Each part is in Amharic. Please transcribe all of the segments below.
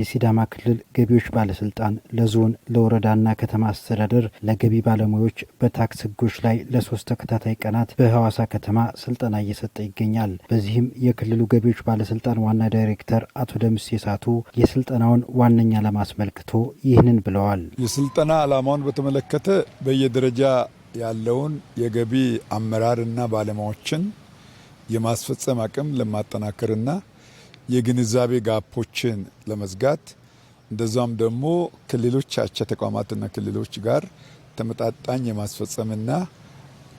የሲዳማ ክልል ገቢዎች ባለስልጣን ለዞን ለወረዳና ከተማ አስተዳደር ለገቢ ባለሙያዎች በታክስ ህጎች ላይ ለሶስት ተከታታይ ቀናት በሐዋሳ ከተማ ስልጠና እየሰጠ ይገኛል። በዚህም የክልሉ ገቢዎች ባለስልጣን ዋና ዳይሬክተር አቶ ደምስ ሳቱ የስልጠናውን ዋነኛ ዓላማ አስመልክቶ ይህንን ብለዋል። የስልጠና ዓላማውን በተመለከተ በየደረጃ ያለውን የገቢ አመራርና ባለሙያዎችን የማስፈጸም አቅም ለማጠናከርና የግንዛቤ ጋፖችን ለመዝጋት እንደዛም ደግሞ ክልሎች አቻ ተቋማትና ክልሎች ጋር ተመጣጣኝ የማስፈጸምና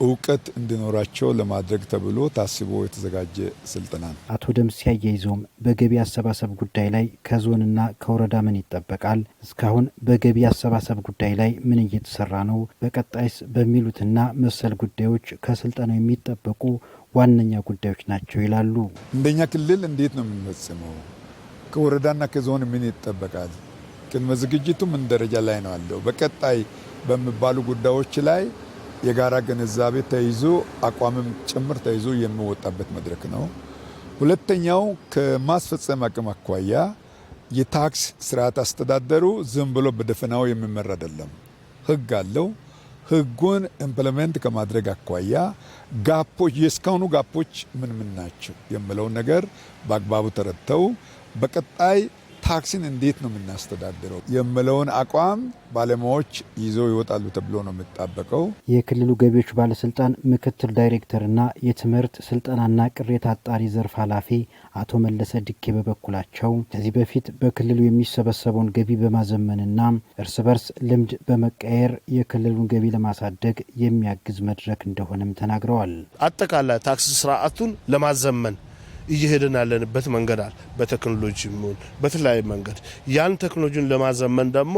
እውቀት እንዲኖራቸው ለማድረግ ተብሎ ታስቦ የተዘጋጀ ስልጠና ነው። አቶ ደምስ አያይዘውም በገቢ አሰባሰብ ጉዳይ ላይ ከዞንና ከወረዳ ምን ይጠበቃል? እስካሁን በገቢ አሰባሰብ ጉዳይ ላይ ምን እየተሰራ ነው? በቀጣይስ በሚሉትና መሰል ጉዳዮች ከስልጠናው የሚጠበቁ ዋነኛ ጉዳዮች ናቸው ይላሉ። እንደኛ ክልል እንዴት ነው የምንፈጽመው? ከወረዳና ከዞን ምን ይጠበቃል? ቅድመ ዝግጅቱ ምን ደረጃ ላይ ነው አለው? በቀጣይ በሚባሉ ጉዳዮች ላይ የጋራ ግንዛቤ ተይዞ አቋምም ጭምር ተይዞ የሚወጣበት መድረክ ነው። ሁለተኛው ከማስፈጸም አቅም አኳያ የታክስ ስርዓት አስተዳደሩ ዝም ብሎ በደፈናው የሚመራ አይደለም። ህግ አለው። ህጉን ኢምፕሊመንት ከማድረግ አኳያ ጋፖች የእስካሁኑ ጋፖች ምን ምን ናቸው የምለውን ነገር በአግባቡ ተረድተው በቀጣይ ታክሲን እንዴት ነው የምናስተዳድረው የምለውን አቋም ባለሙያዎች ይዘው ይወጣሉ ተብሎ ነው የምጠበቀው። የክልሉ ገቢዎች ባለስልጣን ምክትል ዳይሬክተርና የትምህርት ስልጠናና ቅሬታ አጣሪ ዘርፍ ኃላፊ አቶ መለሰ ድኬ በበኩላቸው ከዚህ በፊት በክልሉ የሚሰበሰበውን ገቢ በማዘመንና እርስ በርስ ልምድ በመቀየር የክልሉን ገቢ ለማሳደግ የሚያግዝ መድረክ እንደሆነም ተናግረዋል። አጠቃላይ ታክሲ ስርዓቱን ለማዘመን እየሄደን ያለንበት መንገድ አለ። በቴክኖሎጂ ይሁን በተለያየ መንገድ ያን ቴክኖሎጂን ለማዘመን ደግሞ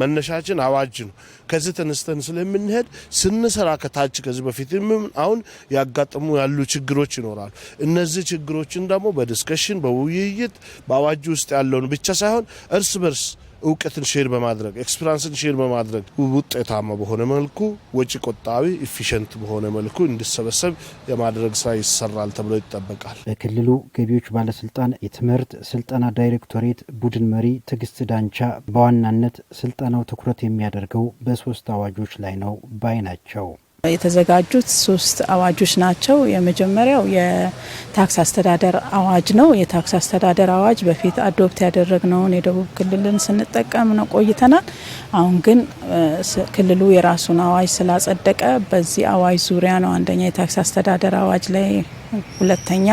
መነሻችን አዋጅ ነው። ከዚህ ተነስተን ስለምንሄድ ስንሰራ ከታች ከዚህ በፊት አሁን ያጋጥሙ ያሉ ችግሮች ይኖራሉ። እነዚህ ችግሮችን ደግሞ በዲስከሽን በውይይት በአዋጅ ውስጥ ያለውን ብቻ ሳይሆን እርስ በርስ እውቀትን ሼር በማድረግ ኤክስፒሪያንስን ሼር በማድረግ ውጤታማ በሆነ መልኩ ወጪ ቆጣቢ ኢፊሸንት በሆነ መልኩ እንዲሰበሰብ የማድረግ ስራ ይሰራል ተብሎ ይጠበቃል። በክልሉ ገቢዎች ባለስልጣን የትምህርት ስልጠና ዳይሬክቶሬት ቡድን መሪ ትዕግስት ዳንቻ በዋናነት ስልጠናው ትኩረት የሚያደርገው በሶስት አዋጆች ላይ ነው ባይ ናቸው። የተዘጋጁት ሶስት አዋጆች ናቸው። የመጀመሪያው የታክስ አስተዳደር አዋጅ ነው። የታክስ አስተዳደር አዋጅ በፊት አዶፕት ያደረግነውን የደቡብ ክልልን ስንጠቀም ነው ቆይተናል። አሁን ግን ክልሉ የራሱን አዋጅ ስላጸደቀ በዚህ አዋጅ ዙሪያ ነው አንደኛ የታክስ አስተዳደር አዋጅ ላይ ሁለተኛ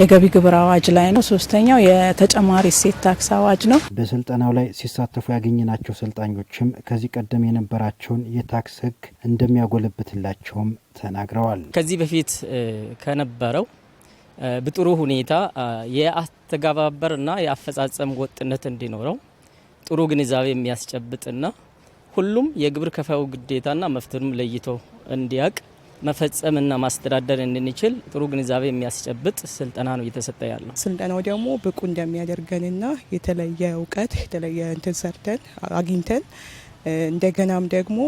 የገቢ ግብር አዋጅ ላይ ነው። ሶስተኛው የተጨማሪ እሴት ታክስ አዋጅ ነው። በስልጠናው ላይ ሲሳተፉ ያገኘናቸው ሰልጣኞችም ከዚህ ቀደም የነበራቸውን የታክስ ህግ እንደሚያጎለብትላቸውም ተናግረዋል። ከዚህ በፊት ከነበረው በጥሩ ሁኔታ የአተገባበርና የአፈጻጸም ወጥነት እንዲኖረው ጥሩ ግንዛቤ የሚያስጨብጥና ሁሉም የግብር ከፋዩ ግዴታና መፍትሄም ለይቶ እንዲያውቅ መፈጸምና ማስተዳደር እንድንችል ጥሩ ግንዛቤ የሚያስጨብጥ ስልጠና ነው እየተሰጠ ያለው። ስልጠናው ደግሞ ብቁ እንደሚያደርገንና የተለየ እውቀት የተለየ እንትን ሰርተን አግኝተን እንደገናም ደግሞ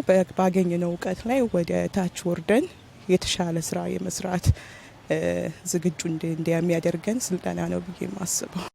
ባገኘነው እውቀት ላይ ወደ ታች ወርደን የተሻለ ስራ የመስራት ዝግጁ እንደሚያደርገን ስልጠና ነው ብዬ የማስበው።